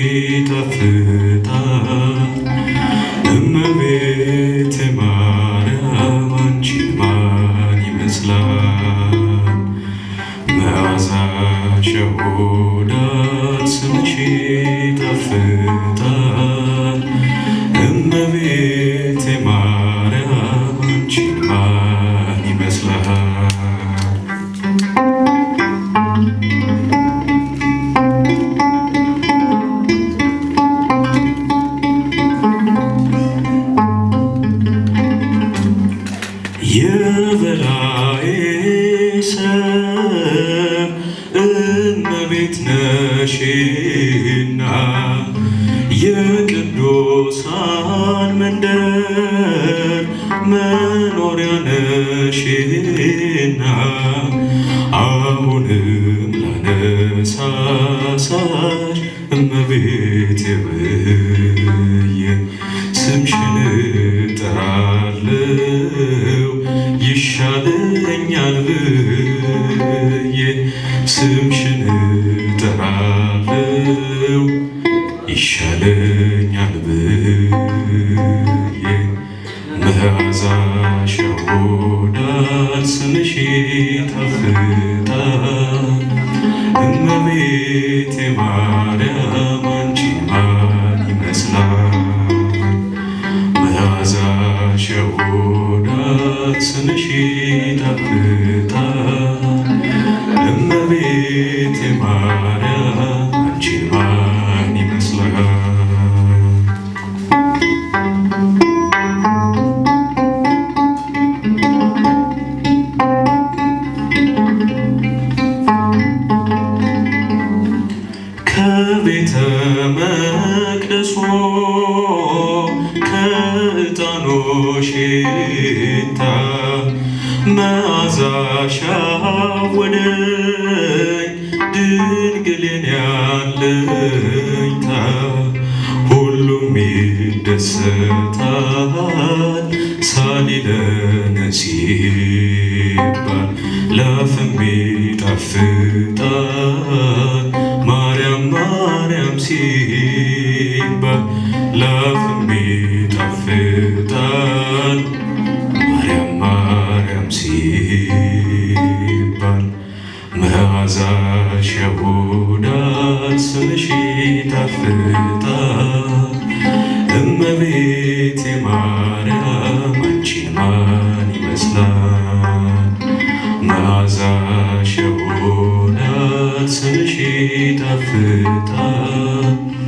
ይጣፍጣል። እመቤቴ ማርያም አንቺን ማን መዓዛሽ ይሁዳል ስምሽ ይጣፍጣል በላይ ሰብ እመቤት ነሽና የቅዱሳን መንደር መኖሪያ ነሽና ስምሽን እጠራለው ይሻለኛል ብዬ መዓዛሽ ያወዳል ስምሽ እመቤቴ ማርያም ማን ይመስላል መዓዛሽ ያወዳል ስምሽ ቤተ መቅደሱ ከዕጣኑ ሽታ መዓዛሽ አወደኝ ድንግልን ያለኝታ ሁሉም ይደሰታል ሳሊለነ ሲባል ላፍም ይጣፍጣል ሲባል ላፍም ይጣፍጣል። ማርያም ማርያም ሲባል መዓዛሽ ይሁዳል ስምሽ ይጣፍጣል መዓዛሽ የሆነ ስምሽ ይጣፍጣል